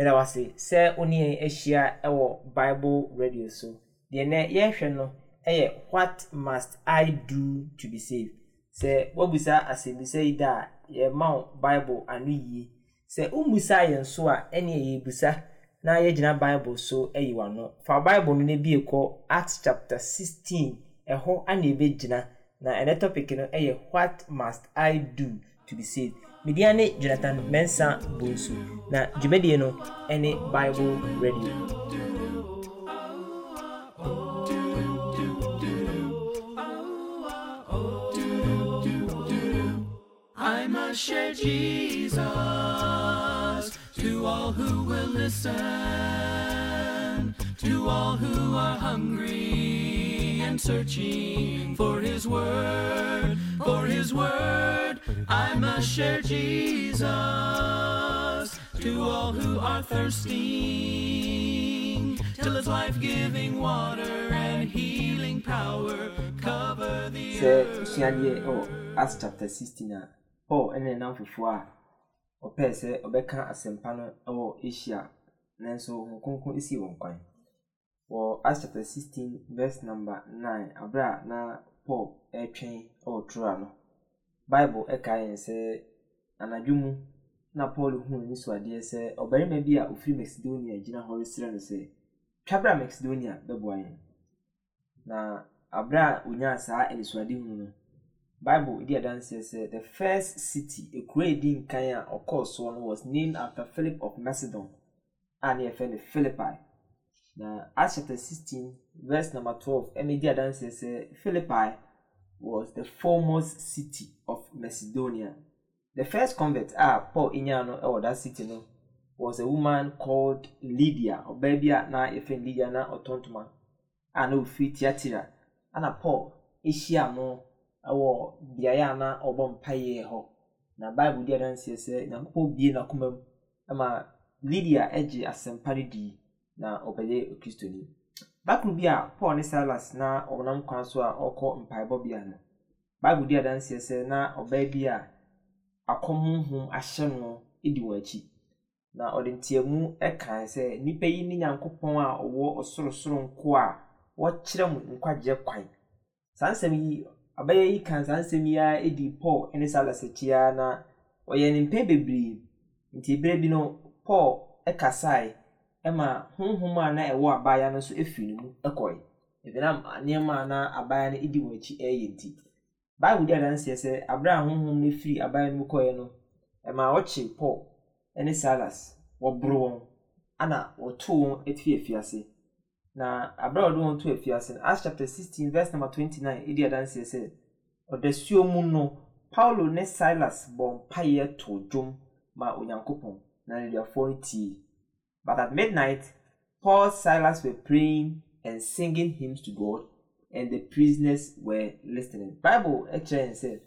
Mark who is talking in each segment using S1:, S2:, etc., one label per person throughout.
S1: meda wase sɛ wo ne yɛn ahyia wɔ bible radio so deɛ nɛ yɛrehwɛ no yɛ what must i do to be saved sɛ woabisa asɛmmisa yi da a yɛma wo bible ano yie sɛ wommusa yɛ nso a ɛneɛ yɛbusa na yɛgyina bible so ayi w'ano fa bible no no bi kɔ acts chapter 16 ɛhɔ ana ɛbɛgyina na ɛnɛ topic no yɛ what must i do to be saved media ne jonathan mensa bonsu na dwumadie no ne bible radio I must share Jesus to all who will listen, to all who are hungry and searching for His Word for his word. I must share Jesus to all who are thirsting till his life giving water and healing power cover the earth. Sɛ suadeɛ ɛwɔ Acts chapter sixteen a ah, Paul and then now a ah, ɔpɛɛ sɛ ɔbɛka asɛmpa no ɛwɔ Asia nanso wɔn konko esi wɔn kwan. Wɔ Acts chapter sixteen verse number nine abere a na Paul ɛretwɛn ɔretoro ano. Bible ɛka yɛn sɛ anadwo mu na Paul huu anisoadeɛ sɛ ɔbarima bi a ofiri Macedonia gyina hɔ resrɛ no sɛ twa bra Macedonia bɛboa yɛn. Na abere a onyaa saa anisoadehunu no Bible di adanseɛ sɛ the first city ekuro a edi nkan a ɔkɔɔ soɔ no was named after Philip of Macedon a ne yɛfrɛ no Philippi. Na Acts chapter sixteen verse number 12 ɛna di adansi sɛ eh, Philippi was the foremost city of Macedonia the first convert a Paul nyaa no eh, that city no was a woman called Lydia ɔbaa bi a na yɛfɛ Lydia na ɔtɔn ntoma a na ofiri Tiatira ɛna Paul ehyia no ɛwɔ beaeɛ a na ɔbɔ mpaeɛ hɔ na Bible di adansi sɛ Nyankopɔn bie na mu ɛma Lydia ɛgye asɛmpa no di na ɔbɛyɛ Kristoni. Bible bi a Paul ne Silas na ɔnam kwan so a ɔrekɔ mpaebɔbea no. Bible di adanseɛ sɛ na ɔbaa bi a akɔm ahyɛ no di wɔn akyi. Na ɔde nteamu kan sɛ nnipa yi ne Nyankopɔn a ɔwɔ ɔsorosoro nko a wɔkyerɛ mo nkwagyeɛ kwan. Saa nsɛm yi abɛyɛ yi kan saa nsɛm yi ara di Paul ne Silas akyi na ɔyɛ ne mpɛn bebree nti ebere bi no Paul kasae ma honhom a na ɛwɔ abaayewa no nso firi ne mu kɔe ɛbɛnam nneɛma a na abaayewa no di wɔn akyi reyɛ nti Baibu di adanseɛ sɛ abere a honhom no firi abaayewa no mu kɔɛ no ɛma ɔkye paul ɛne silas wɔboro wɔn ɛna wɔtoo wɔn afi efiase. na abere a wɔde wɔn to afiase no acts chapter sixteen verse number twenty nine di adanseɛ sɛ ɔdasuo mu no paulo ne silas bɔ mpaeɛ too dwom ma onyankopɔn na nneduafoɔ no tie. But at midnight, Paul and Silas were praying and singing hymns to God, and the prisoners were listening. Bible ɛkyerɛ n sɛ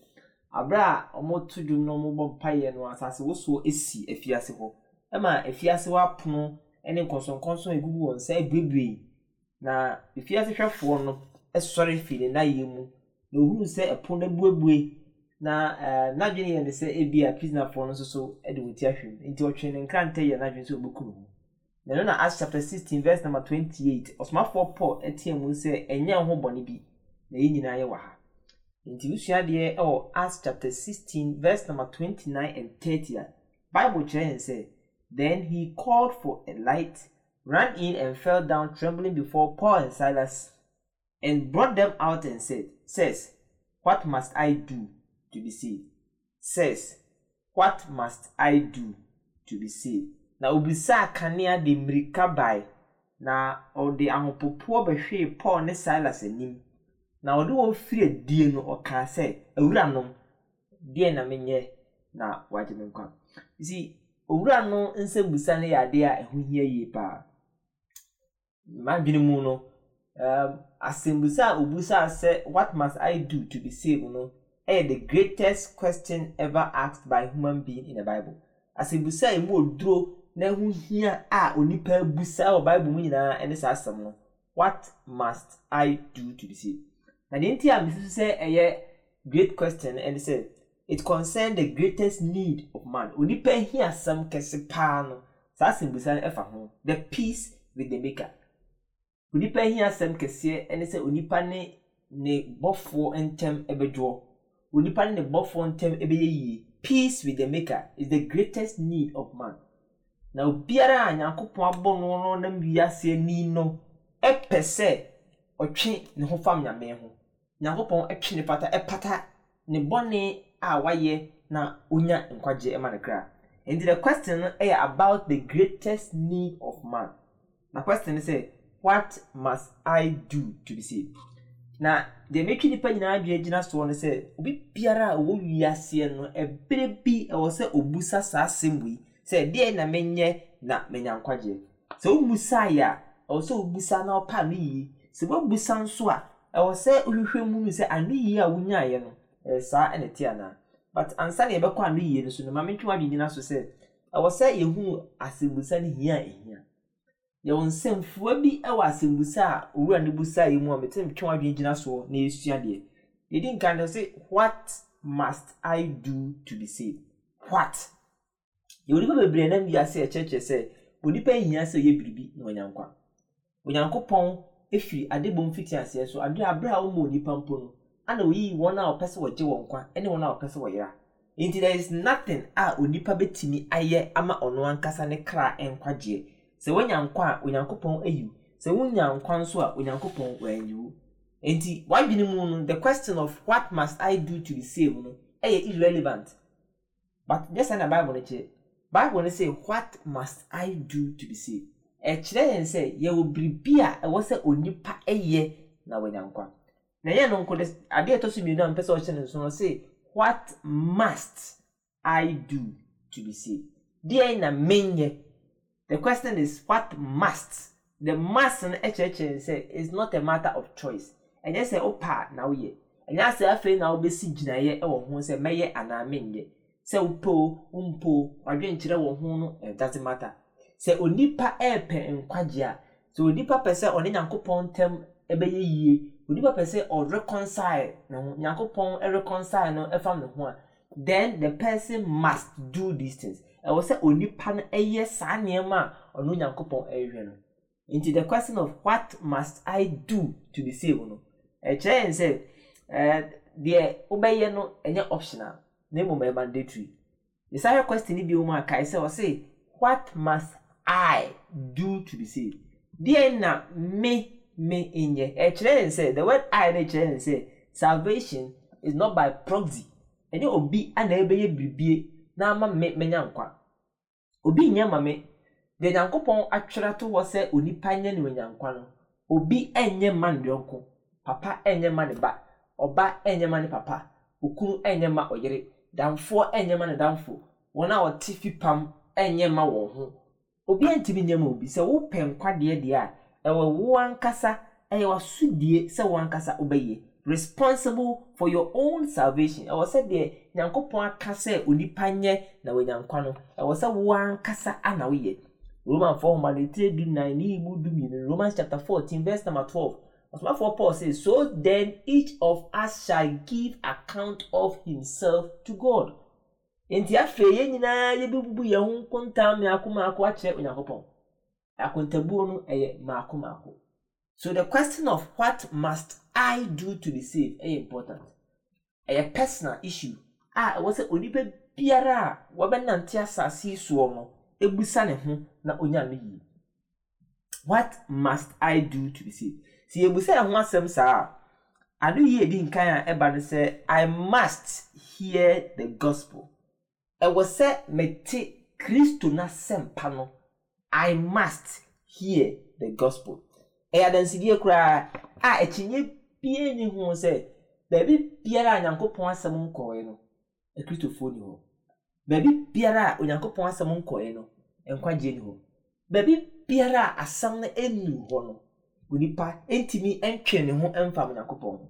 S1: abira a wɔto dwom na wɔbɔ mpaeɛ no asase wosoɔ esi efiase hɔ ɛma efiase hɔ apono ɛne nkɔnsɔnkɔnsɔn egugu wɔn nsa ebuebue na efiase hwɛfoɔ no ɛsɔre fi ne nayɛ mu na ohunu sɛ ɛpono ebuebue na ɛɛ eh, n'adwene yɛ ne sɛ ebi a prisonerfoɔ no nso so ɛde wɔn ti ahwɛ mu nti ɔtwe ne nkrantɛ yɛ n'adwene sɛ ɔbɛkum wɔn na ɛno na acts chapter sixteen verse number twenty eight ɔsomafoɔ paul ɛteɛ mu sɛ ɛnyɛ ho bɔne bi na yɛn nyinaa yɛ wɔ ha nti wosua deɛ ɛwɔ acts chapter sixteen verse number twenty nine and thirty a bible kyerɛ yɛn sɛ then he called for a light ran in and fell down trembling before paul and silas and brought them out and said says what must i do to be saved says what must i do to be saved na obisaa kanea de mmirika bae na ɔde ahopopoɔ bɛhwee paul ne silas anim na ɔde wɔn firi adie no ɔkaa sɛ awuranom deɛ na menyɛ na wagye me nkwa nti owura no nsɛmbusa no yɛ adeɛ a ɛho hia yie paa m'adwene mu no asɛmbusa a obusaa sɛ what must i do to be saved no ɛyɛ the greatest question ever asked by human being in the bible asɛmbusa a emu oduro na ho hia a onipa abusa wɔ bible mu nyinaa ne saa asɛm no what must i do to be saved na deɛ nti a mesusu sɛ ɛyɛ great question ɛne sɛ it concern the greatest need of man onipa hia asɛm kɛse paa no saa asɛmbusa no ɛfa ho the peace with the maker onipa hia asɛm kɛseɛ ɛne sɛ onipa ne ne bɔfoɔ ntɛm ɛbɛdwoɔ onipa ne ne bɔfoɔ ntɛm ɛbɛyɛ yie peace with the maker is the greatest need of man na obiara a nyankopɔn abɔ no no nam wiase ani no pɛ sɛ ɔtwe ne ho fam nyame ho nyankopɔn twe ne pata pata ne bɔne a wayɛ na onya nkwagye ma ne kra nti the question no yɛ about the greatest need of man na question sɛ what must i do to be saved na deɛ metwi nipa nyinaa adwene gyina soɔ no sɛ obi biara a ɔwɔ wiaseɛ no ɛberɛ bi ɛwɔ sɛ ɔbusa saa asɛm wei sɛ deɛ na menyɛ na menya nkwagye sɛ wobusa yɛ a ɛwɔ sɛ wobusa na ɔpa ano yie sɛ woabusa nso a ɛwɔ sɛ wohwehwɛ mu no sɛ ano yie a wonyaeɛ no ɛyɛ saa ɛna te anaa but ansa na yɛbɛkɔ ano yie no so no ma metwe wadwe nyina so sɛ ɛwɔ sɛ yɛhu asɛmbusa no hia a ɛhia yɛwɔ nsɛmfua bi wɔ asɛmbusa a owura no busa yi mu a metwe metwe wadwe gyina soɔ na yɛsua deɛ yɛdi nkan no sɛ what must i do to be saved what yɛwɔ nipa bebree nam wiase ɛkyerɛkyerɛ sɛ onipa nyinaa sɛ ɔyɛ biribi na ɔnya nkwa onyankopɔn efiri adebom fiti aseɛ so adwene abere a ɔmo onipa mpo no ana oyi wɔn a ɔpɛ sɛ wɔgye wɔn nkwa ɛne wɔn a ɔpɛ sɛ wɔyera nti there is nothing a onipa betumi ayɛ ama ɔno ankasa ne kra nkwagyeɛ sɛ wɔnya nkwa a onyankopɔn ayi sɛ wɔnya nkwa nso a onyankopɔn wɔanyi wo nti wadwene mu no the question of what must i do to be saved no ɛyɛ irrelevant but just sɛ na bible no kyerɛ bible no say what must i do to be saved ɛkyerɛ yɛn sɛ yɛwɔ biribi a ɛwɔ sɛ onipa ɛyɛ na wɔnya nkwa na yɛn no nko de adeɛ ɛtɔ so mmienu a mpɛ sɛ ɔhyɛ ne nso no say what must i do to be saved deɛ na menyɛ the question is what must the must no ɛkyerɛkyerɛ sɛ it's not a matter of choice ɛnyɛ sɛ wopa na woyɛ ɛnyɛ sɛ afei na wobɛsi gyinaeɛ ɛwɔ ho sɛ mɛyɛ anaa menyɛ sɛ wopɛ o wompɛ o wadwenkyerɛ wɔ ho no ɛdase eh, mata sɛ onipa ɛɛpɛ nkwagye a sɛ onipa pɛ sɛ ɔne nyankopɔn ntɛm ɛbɛyɛ yie onipa pɛ sɛ ɔreconcile ne ho nyankopɔn ɛreconcile no ɛfam ne ho a then the person must do these things ɛwɔ sɛ onipa no ɛyɛ saa nneɛma a ɔno nyankopɔn ɛrehwɛ no nti the question of what must i do to be saved no ɛkyerɛ yɛn sɛ ɛɛ eh, deɛ wobɛyɛ no ɛnyɛ optional na mmom ɛyɛ mandatory yɛsan yɛ question bi mu a kae sɛ ɔse what must i do to be saved deɛ na me me nyɛ ɛkyerɛ ne sɛ the word i ne kyerɛ ne sɛ salvation is not by proxy ɛne obi ana ɛbɛyɛ biribie na ama me menya nkwa obi nyɛ ma me deɛ nyankopɔn atwerɛ to hɔ sɛ onipa nyɛ ne wenya nkwa no obi ɛnyɛ ma ne yɔnko papa ɛnyɛ ma ne ba ɔba ɛnyɛ ma ne papa okunu ɛnyɛ ma ɔyere damfoɔ ɛnyɛ ma ne damfo wɔn a wɔte fi ɛnyɛ ma wɔn ho obi antumi nyɛ ma obi sɛ wopɛ nkwadeɛ deɛ a ɛwɔ wo ankasa ɛyɛ wasudie sɛ wo ankasa wobɛyɛ responsible for your own salvation ɛwɔ sɛ deɛ nyankopɔn aka sɛ onipa nyɛ na wɔanya nkwa no ɛwɔ sɛ wo ankasa ana woyɛ roman four hundred and three nine ne ibu du mmienu romans chapter fourteen verse number twelve Verse 4 Paul says, So then each of us shall give account of himself to God. Nti afei yɛn nyinaa yɛbɛbubu yɛn ho nkontam mmaako mmaako akyerɛ Onyankopɔn. Akontabuo no yɛ mmaako mmaako. So the question of what must I do to be saved ɛyɛ important. Ɛyɛ personal issue a ɛwɔ sɛ onipa biara a wɔbɛnante asase yi soɔ no ebusa ne ho na onya no yie. What must I do to be saved? sɛ ebusa yɛn ho asɛm saa ade yi edi nkan a ɛba no sɛ i must hear the gospel ɛwɔ sɛ mete kristo n'asɛmpa no i must hear the gospel ɛyɛ adansidie koraa a akyinnye bie ni ho sɛ baabi biara a nyankopɔn asɛm nkɔɔɛ no akristofoɔ ni hɔ baabi biara a onyankopɔn asɛm nkɔɔɛ no nkwagye ni hɔ baabi biara a asɛm no enu hɔ no onipa ntumi ntwe ne ho mfa onyankopɔn ho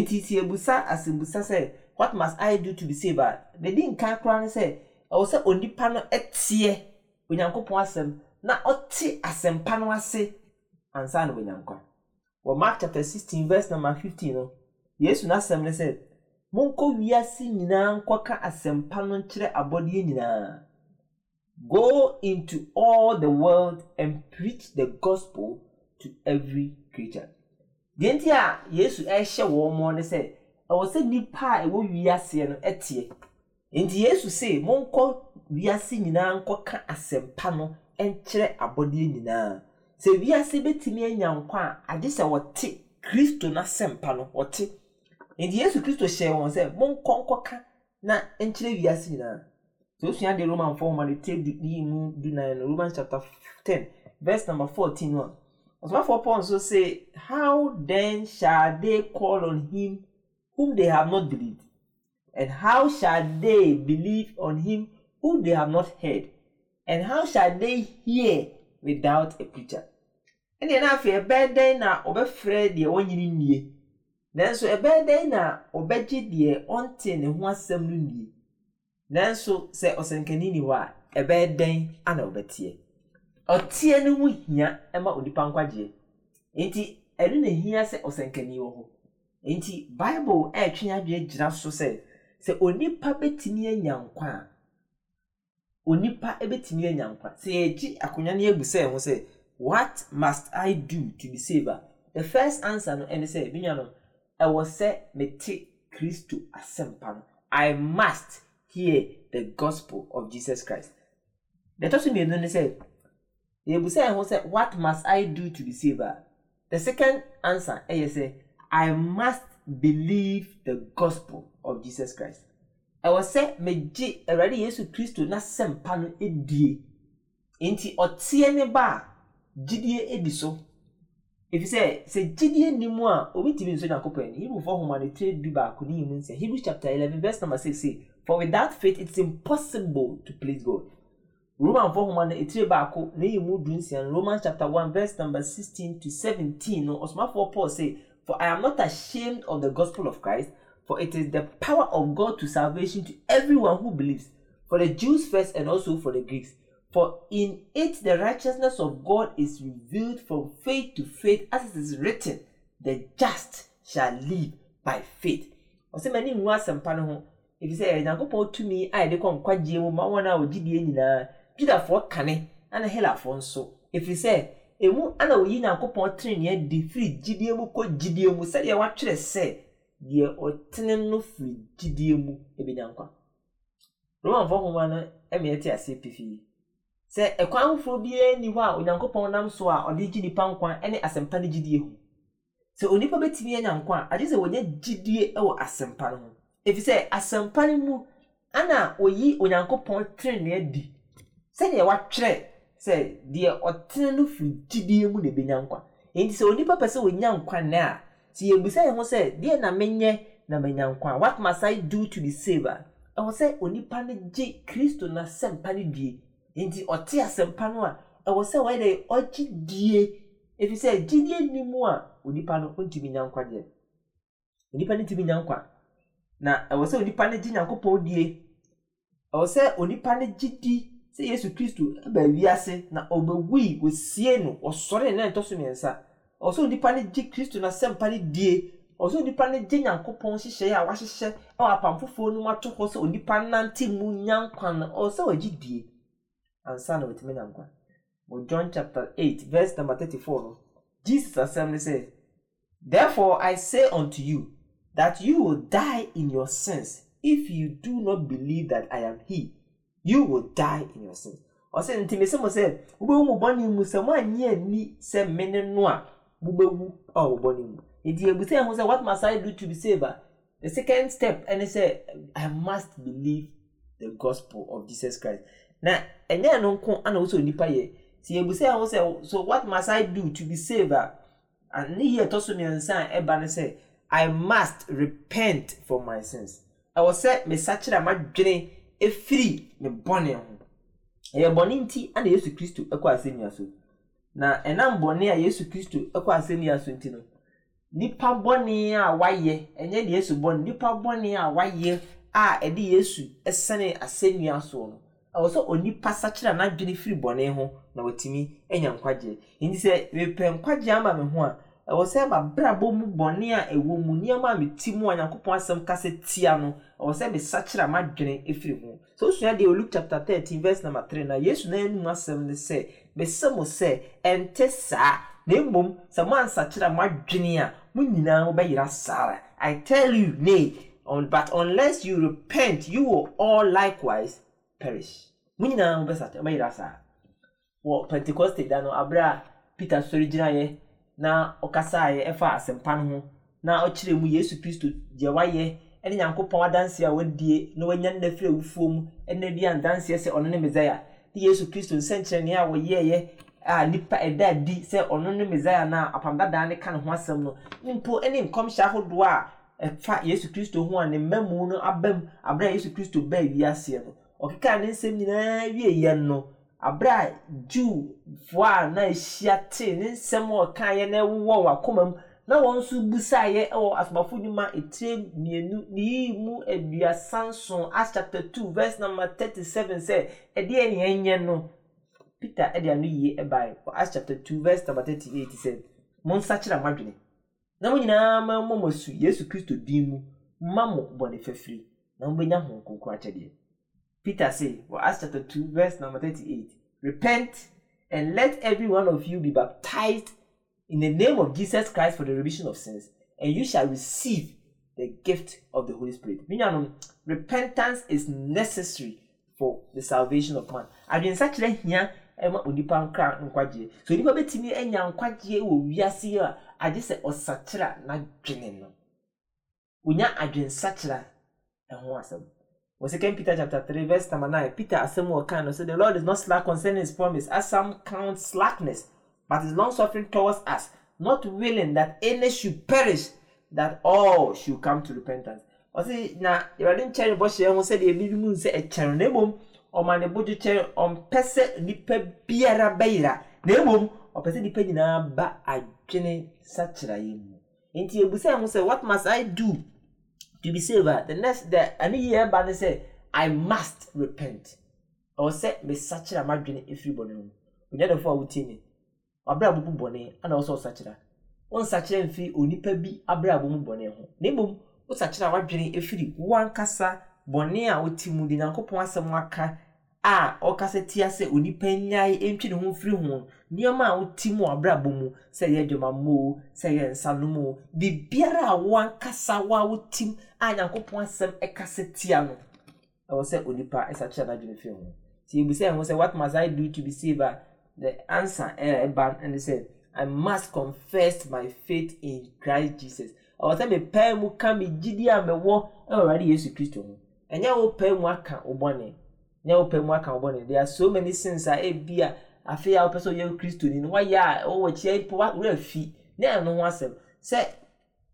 S1: nti si ebusa asebusa sɛ what must i do to be saved a bedi nkan koraa ne sɛ ɛwɔ sɛ onipa no teɛ onyankopɔn asɛm na ɔte asɛmpa no ase ansa na onyankwa wɔ mark chapter sixteen verse number fifteen no yesu n'asɛm ne sɛ monkɔ wiase nyinaa nkɔka asɛmpa no nkyerɛ abɔdeɛ nyinaa go into all the world and preach the gospel to every creature deɛ nti a yesu ɛhyɛ wɔn mo no sɛ ɛwɔ sɛ nipa a ɛwɔ wiaseɛ no ɛteɛ nti yesu se monkɔ wiase nyinaa nkɔka asɛmpa no ɛnkyerɛ abɔdeɛ nyinaa sɛ wiase bɛtumi anya nkɔ a ade sɛ wɔte kristo n'asɛmpa no wɔte nti yesu kristo hyɛ wɔn sɛ nkɔ nkɔka na nkyerɛ wiase nyinaa sɛ osua de roman fɔ wɔn a ne te di mu dunan no roman chapter ten verse number fourteen one. Ɔsɔfoɔ Paul nso say, How then shall they call on him whom they have not believed? And how shall they believe on him whom they have not heard? And how shall they hear without a preacher? Ɛnna na afei ɛbɛn dɛn na ɔbɛfrɛ deɛ ɔnyini nie. Nanso ɛbɛn dɛn na ɔbɛgye deɛ ɔnte ne ho asɛm no nie. Nanso sɛ ɔsɛnkanin ni hɔ a ɛbɛn dɛn ana ɔbɛteɛ ɔteɛ no ho hia ma onipa nkwagyeɛ nti ɛno na hia sɛ ɔsɛnkani wɔ hɔ nti bible ɛretwe adwene gyina so sɛ sɛ onipa bɛtumi anya nkwa a onipa bɛtumi anya nkwa sɛ yɛgye akonnwa no yɛbu sɛ ho sɛ what must i do to be saved the first answer no ɛne sɛ binya no ɛwɔ sɛ mete kristo asɛmpa no i must hear the gospel of jesus christ deɛ ɛtɔ so mmienu ne sɛ yɛbusa yɛn ho sɛ what must i do to be saved the second answer ɛyɛ sɛ i must believe the gospel of jesus christ ɛwɔ sɛ megye awurade yesu kristo n'asɛmpa no edie nti ɔteɛ ne ba a gyidie edi so efisɛ sɛ gyidie ni mu a obi tìmi nso nyakopɔ ɛni hebrew fɔ homanitire du baako ne yi mu nsɛ hebrew chapter eleven verse number six say for without faith it is impossible to please god roman fo nhoma no etire baako na eyi mu dunsia no romans chapter one verse number sixteen to seventeen no ɔsomafoɔ paul say for i am not ashamed of the gospel of christ for it is the power of god to salvation to everyone who believes for the jews first and also for the greeks for in it the righteousness of god is revealed from faith to faith as it is written the just shall live by faith ɔsɛm ani nnu asɛmpa no ho efisɛ nyankopɔn tumi a yɛde kɔ nkwagyeɛ mu ma wɔn a wɔgye die nyinaa judafoɔ kane ana helafoɔ nso ɛfiri sɛ emu ana woyi nyankopɔn tenenee adi firi gyidie mu kɔ gyidie mu sɛdeɛ watwerɛ sɛ deɛ ɔtene no firi gyidie mu ɛbɛnya nkwa romanfoɔ nhoma no ɛmɛ ɛte ase pifii sɛ ɛkwan foforɔ biara nni hɔ a onyankopɔn nam so a ɔde gye nipa nkwa ne asɛmpa no gyidie ho sɛ onipa bɛtumi anya nkwa a agye sɛ wɔnya gyidie wɔ asɛmpa no ho ɛfiri sɛ asɛmpa no mu ana oyi onyankopɔn tenenee adi sɛdeɛ watwerɛ sɛ deɛ ɔtena no firi gyidie mu na ɛbɛnya nkwa nti sɛ onipa pɛ sɛ ɔnya nkwa nɛ a sɛ yɛbisa yɛn ho sɛ deɛ na menyɛ na menya nkwa what must I do to be saved ɛwɔ sɛ onipa no gye kristo no asɛmpa no die nti ɔte asɛmpa no a ɛwɔ sɛ wɔyɛ dɛ ɔgye die efi sɛ gyidie ni mu a onipa no ntumi nya nkwa deɛ onipa no ntumi nya nkwa na ɛwɔ sɛ onipa no gye nyankopɔn die ɛwɔ sɛ onipa no gye di sɛ yesu kristo ba wiase na ɔbɛwui wɔsie no ɔsɔre na ɛtɔ so mmiɛnsa ɔsɛ onipa no gye kristo n'asɛmpa no die ɔsɛ onipa no gye nyankopɔn hyehyɛ a wahyehyɛ ɛwɔ apam foforɔ no mu ato hɔ sɛ onipa nante mu nya nkwa no ɔsɛ ɔgye die ansa na ɔtumi nya nkwa wɔ john chapter eight verse number thirty-four no jesus asɛm no sɛ therefore i say unto you that you will die in your sins if you do not believe that i am he you will die in your sins ɔsɛ nti mesi mo sɛ wobɛwu mo bɔne mu sɛ moanyɛ ani sɛ me no a wobɛwu a wo bɔne mu nti ebusa ho sɛ what must i do to be saved the second step ɛne sɛ i must believe the gospel of jesus christ na ɛnyɛ no nko ana wosɛ onipa yɛ nti ebusa ho sɛ so what must i do to be saved ne yɛ ɛtɔ so mmiɛnsa a ɛba ne sɛ i must repent for my sins ɛwɔ sɛ mesakyerɛ a madwene Efiri ne bɔne ho ɛyɛ bɔne nti ana yesu kristo kɔ asɛnnua so na ɛnam bɔne a yesu kristo kɔ asɛnnua so nti no nipa bɔne a wayɛ ɛnyɛ de yesu bɔne nipa bɔne a wayɛ a ɛde yesu sene asɛnnua soɔ no ɛwɔ sɛ onipa sakyera n'adwene firi bɔne ho na watumi anya nkwagyeɛ nti sɛ mepɛ nkwagyeɛ ama me ho a ɛwɔ sɛ mabrabɔ mu bɔne a ɛwɔ mu nneɛma a meti mu a nyankopɔn asɛm kasa tia no ɛwɔ sɛ mesakyera m'adwene ɛfiri ho So wosua deɛ luke chapter 13 verse number 3 na yesu na anum asɛm ne sɛ mesɛ mo sɛ ɛnte saa na mmom sɛ moansakyera m'adwene a mo nyinaa mobɛyera saara i tell you nay on, but unless you repent you will all likewise perish mo nyinaa mobɛyera saara wɔ pentecost da no aberɛ Peter, peter sɔre gyinaeɛ na ɔkasaeɛ ɛfa asɛmpa no ho na ɔkyerɛ mu yesu kristo deɛ wayɛ ɛne nyankopɔn adanseɛ a wadie na wanya no nafiri awufuo mu ɛna di andanseɛ sɛ ɔno ne mesaia ne yesu kristo nsɛnkyerɛnneɛ a wɔyɛɛyɛ a nipa ɛda adi sɛ ɔno ne mesaia no a apam dadaa ne ka ne ho asɛm no mpo ɛne nkɔmhyɛ ahodoɔ a ɛfa yesu kristo ho a ne mmamu no abam aberɛ yesu kristo baa wiaseɛ no ɔkeka ne nsɛm nyinaa wieyɛ no abira Jewfoɔ a na ahyia tee ne nsɛm a ɔkaeɛ na ɛwowɔ wɔn akoma mu na wɔn nso busaeɛ wɔ asomafo nnwuma etire mmienu ne yiyi mu aduasa nson Acts chapter two verse number thirty seven sɛ ɛdeɛ ne ɛnyɛ no Peter ɛde ano yie ɛbae wɔ Acts chapter two verse number thirty eight sɛ mo nsa kyerɛ mo adwene na mo nyinaa ma mo mo su Yesu Kristo din mu mma mo bɔne fɛfiri na mo bɛnya ho nkonko akyɛdeɛ. Peter say, for Acts chapter 2, verse number 38, Repent and let every one of you be baptized in the name of Jesus Christ for the remission of sins, and you shall receive the gift of the Holy Spirit. Meaning, repentance is necessary for the salvation of man. such kyerɛ hia ma onipa nkra nkwagyeɛ. So onipa betumi anya nkwagyeɛ wɔ wiase a agye sɛ ɔsakyera n'adwene no. Onya adwensakyera ɛho asɛm. Or 2 e, Peter chapter 3, verse number 9. Peter Asemu Okano so The Lord is not slack concerning his promise, as some count slackness, but is long suffering towards us, not willing that any should perish, that all should come to repentance. Ɔsi na Awurade nkyɛn bɔ hyɛ ho sɛdeɛ ebi mu nsɛ ɛkyɛn na emom ɔma ne bodu kyɛn ɔmpɛ sɛ nipa biara bɛyira na emom ɔpɛ sɛ nipa nyinaa ba adwene sakyera yɛ mu. Nti ebusa ho sɛ what must I do to be saved the next the any year, but they say i must repent say, such a ɔwɔ sɛ mesakyera m'adwene efiri bɔne mu onyadafo a wotie mi w'abrabɔ mu bɔne ɛna ɔsɛ ɔsakyera wɔnsakyera mfiri onipa bi abrabɔ mu bɔne ho na mmom wosakyera w'adwene efiri wankasa bɔne a wote mu de nyankopɔn asɛm aka a ɔkasa ti ase onipa nyae ntwi ne ho mfiri ho nneɛma a woti mu abrabɔ mu sɛ yɛ adwamammoo sɛ yɛ nsanom o biribiara a wankasa wa wotim a nyankopɔn asɛm ɛkasa tia no ɛwɔ sɛ onipa ɛsa kyerɛ n'adwene firi ho nti ebisa ɛho sɛ what must i do to be saved the answer ɛɛba ɛne sɛ i must confess my faith in christ jesus ɛwɔ sɛ mepɛɛ mu ka me gyidi a mɛwɔ ɛwɔ awurade yesu kristo ho ɛnyɛ wo pɛɛ mu aka wo bɔne nyɛ wo pɛ mu aka wo bɔne there are so many sins a ebi a afei a wopɛ sɛ ɔyɛ kristo ni no wayɛ a ɔwɔ akyi po wura fi ne ɛno ho asɛm sɛ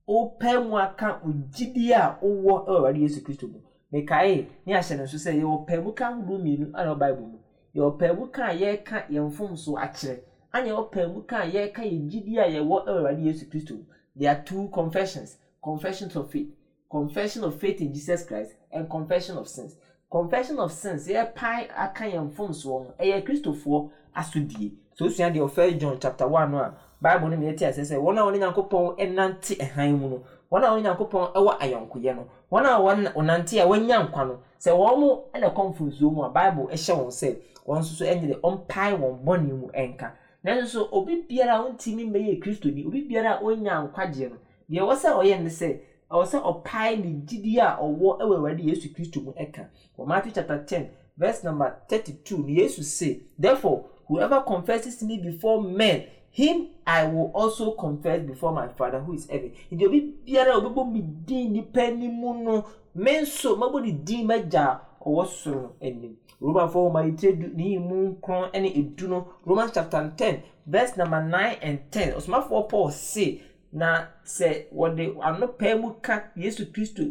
S1: wopɛ mu aka ogyidie a wowɔ ɛwɔ awurade yesu kristo mu mekae ne ahyɛ no nso sɛ yɛwɔ pɛ mu ka ahodoɔ mmienu ana bible mu yɛwɔ pɛ mu ka a yɛreka yɛn mfomso akyerɛ ana yɛwɔ pɛ mu ka a yɛreka yɛn gyidie a yɛwɔ ɛwɔ awurade yesu kristo mu there are two confessions Confession of faith confession of faith in jesus christ and confession of sins confession of sins yɛ pan aka yɛn mfomsoɔ no ɛyɛ kristofoɔ asodie so osua deɛ ɔfɛ john chapter one a bible no mìíràn ti ase sɛ wɔn a wɔn nyankopɔn ɛnante ɛhan mu no wɔn a wɔn nyankopɔn ɛwɔ ayɔnkoyɛ no wɔn a wɔn ɔnante a wɔnya nkwa no sɛ wɔn mo ɛna kɔ mfomsoɔ mu a bible ɛhyɛ wɔn sɛ wɔn nso so ɛnyɛ dɛ ɔmpae wɔn bɔnne mu ɛnka nanso so obi biara a ɔntumi mbɛyɛ kristoni obi biara a ɔnya nkwagyeɛ no deɛ wɔsɛ ɔyɛ ne sɛ ɔwɔ sɛ ɔpae ne gyidi a ɔwɔ ɛwɔ awurade yesu kristo mu ɛka wɔ matthew chapter ten verse number thirty-two ne yesu say therefore whoever confesses me before men him i will also confess before my father who is heaven nti obi biara a obɛbɔ mi din nipa anim no me nso mabɔ ne din magya ɔwɔ soro no anim roman four ma yi tire ne yi mu nkron ɛne edu no roman chapter ten verse number nine and ten ɔsomafoɔ paul say na sɛ wɔde ano pɛɛ mu ka yesu kristo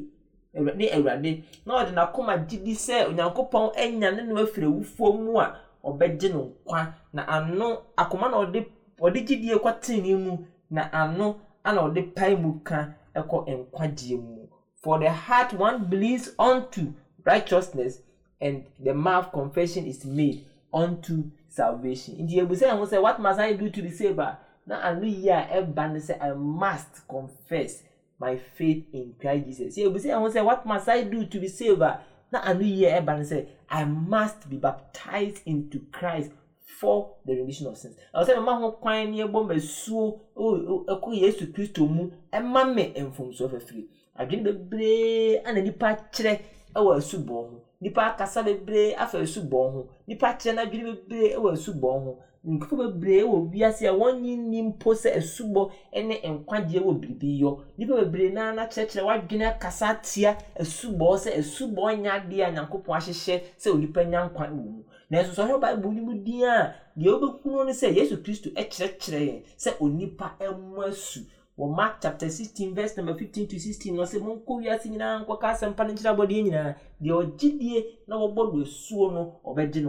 S1: ne awurade na ɔde n'akoma gyidi sɛ onyankopɔn anya ne no afiri awufoɔ mu a ɔbɛgye no nkwa na ano akoma na ɔde ɔde gyidie kɔ tenee mu na ano ana ɔde pɛɛ mu ka ɛkɔ nkwagyeɛ mu for the heart one believes unto righteousness and the mouth confession is made unto salvation nti ebusa ɛho sɛ what must i do to be saved ah na ano yie a ɛba no sɛ i must confess my faith in christ jesus yɛ ebi sɛ ɛho sɛ what must i do to be saved a na ano yie a ɛba no sɛ i must be baptized into christ for the remission of sins ɛwɔ sɛ mɛma ho kwan ne ɛbɔ mɛsuo ɛkɔ yesu kristo mu ɛma mɛ mfomsoɔ fɛfiri adwene bebree ana nipa kyerɛ ɛwɔ asubɔn ho nipa akasa bebree afa asubɔn ho nipa kyerɛ n'adwene bebree ɛwɔ asubɔn ho nkurɔfoɔ bebree wɔ wiase a wɔnyi mpo sɛ asubɔ ne nkwagyeɛ wɔ biribi yɔ nnipa bebree naa na kyerɛkyerɛ wadwene akasa atia asubɔ sɛ asubɔ nyɛ adeɛ a nyankopɔn ahyehyɛ sɛ onipa nya nkwa wɔ mu nanso sɛ ɔhwɛ bible no mu din a deɛ wobɛhunu no sɛ yesu kristo kyerɛkyerɛ yɛn sɛ onipa mo asu wɔ mark chapter sixteen verse number fifteen to sixteen na ɔsɛ monkɔ wiase nyinaa nkɔka asɛmpa no nkyerɛ abɔdeɛ nyinaa deɛ ɔgye die na wɔbɔ do asuo no ɔbɛgye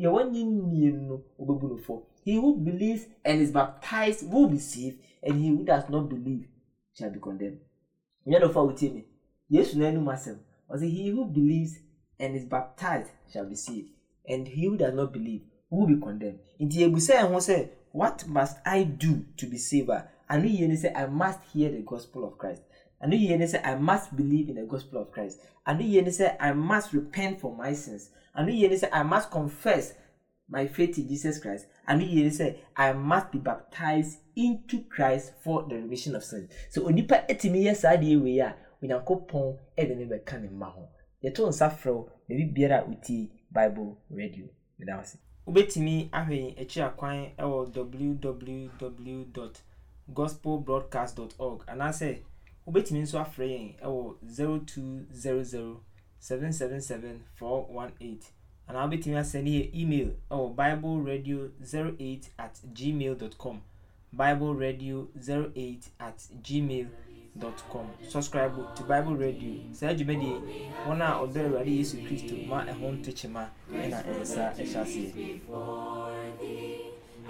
S1: deɛ wɔnyɛ mmienu no wɔbɛbu he who believes and is baptized will be saved and he who does not believe shall be condemned nyɛ dɔfo a wotie mi yesu n'anim asɛm ɔsɛ he who believes and is baptized shall be saved and he who does not believe will be condemned nti ebusa ɛho sɛ what must i do to be saved a ano yie ni sɛ i must hear the gospel of christ ɛno yie ne sɛ i must believe in the gospel of christ ɛno yie ne sɛ i must repent for my sins ɛno yie ne sɛ i must confess my faith in jesus christ ɛno yie ne sɛ i must be baptized into christ for the remission of sin so onipa etimi yɛ saa deɛ wei a onyankopɔn ɛde ne bɛka ne mma ho yɛto nsa frɛw baabi biara a wotie bible radio meda wase wobɛtumi ahwɛ akyi akwan ɛwɔ www gospelbroadcast org anaasɛ wobɛtumi nso afrɛ yɛn ɛwɔ 0200777418 anaa wobɛtumi asɛne yɛ email ɛwɔ bible radio 08 at gmail com bible radio 08 at gmail com subscribe to bible radio saa dwumadie wɔn a ɔdɔ awurade yesu kristo ma ɛho ntokyema ɛna ɛnsa ɛhyɛ aseɛ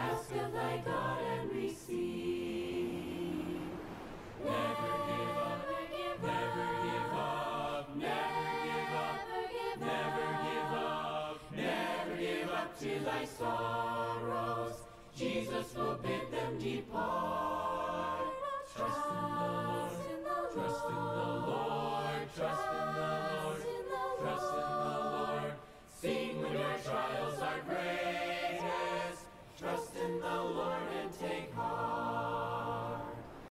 S1: After thy God forbid them depart.